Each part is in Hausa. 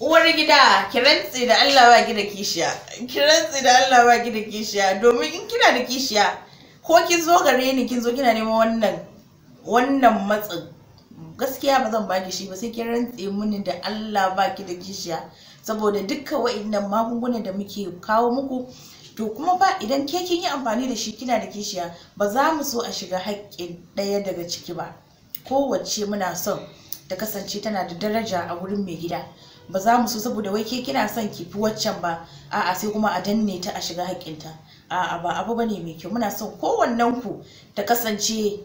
uwar gida ki rantse da Allah ba ki da kishiya ki rantse da Allah ba ki kishiya domin in kina da kishiya ko kin zo gare ni kin zo kina neman wannan wannan matsin gaskiya ba zan baki shi ba sai ki rantse muni da Allah ba ki da kishiya saboda dukkan wa'annan magungunan da muke kawo muku to kuma ba idan ke kin yi amfani da shi kina da kishiya ba za mu so a shiga haƙƙin ɗaya daga ciki ba kowace muna son ta kasance tana da daraja a wurin mai gida ba za mu so saboda wai ke kina son ki fi waccan ba a'a sai kuma a danne ta a shiga haƙƙinta a'a ba abu bane mai kyau muna son kowannen ku ta kasance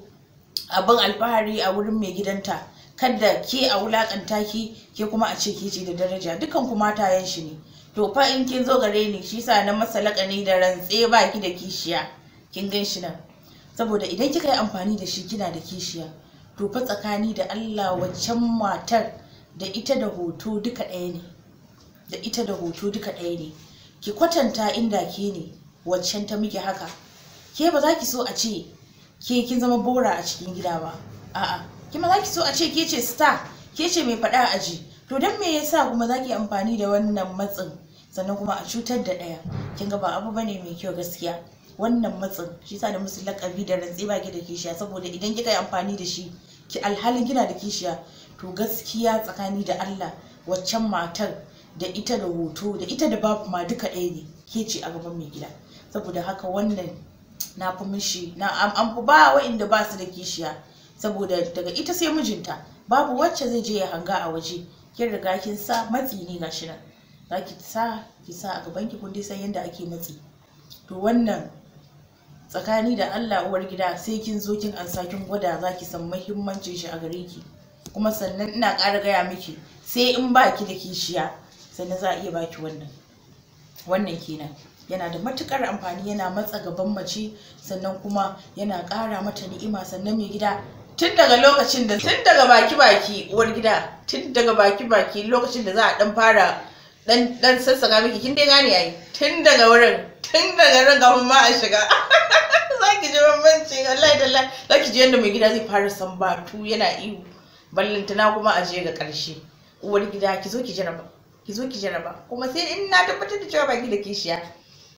abin alfahari a wurin mai gidanta kada ke a wulakanta ki ke kuma a ce ke ce da daraja dukan ku yan shi ne to fa in kin zo gare ni shi sa na masa laƙani da rantse baki da kishiya kin gan shi nan saboda idan kika yi amfani da shi kina da kishiya rufe tsakani da allah waccan matar da ita da hoto duka ɗaya ne da ita da hoto duka ɗaya ne ki kwatanta inda ke ne waccan ta miki haka ke ba za ki so a ce ke kin zama bora a cikin gida ba a'a ki ma za ki so a ce ke ce star ke ce mai faɗa aji to don me yasa kuma za ki amfani da wannan matsin sannan kuma a cutar da ɗaya kin ga ba abu bane mai kyau gaskiya wannan matsin shi sa da musu lakabi da rantsi ba ki da kishiya saboda idan kika yi amfani da shi ki alhalin kina da kishiya to gaskiya tsakani da Allah waccan matar da ita da hoto da ita da babu ma duka ɗaya ne ke ce a gaban mai gida saboda haka wannan na fi mishi na an fi ba wa'inda ba su da kishiya saboda daga ita sai mijinta babu wacce zai je ya hanga a waje kin riga kin sa matsi ne gashi nan za ki sa ki sa a gaban ki kun dai san yadda ake matsi to wannan tsakani da Allah uwar gida sai kin zo kin ansa kin gwada za ki san muhimmancin shi a gare ki kuma sannan ina kara gaya miki sai in ba ki da kishiya sannan za a iya baki wannan wannan kenan yana da matukar amfani yana matsa gaban mace sannan kuma yana kara mata ni'ima sannan mai gida tun daga lokacin da tun daga baki baki uwar gida tun daga baki baki lokacin da za a dan fara dan dan sassaka miki kin dai gane yayi tun daga wurin In daga garin kafin ma a shiga za ki ji bambanci wallahi da za ki ji yadda mai gida zai fara sambatu yana ihu ballantana kuma a je ga ƙarshe uwar gida ki zo ki jaraba ki zo ki jaraba kuma sai in na tabbatar da cewa ba ki da kishiya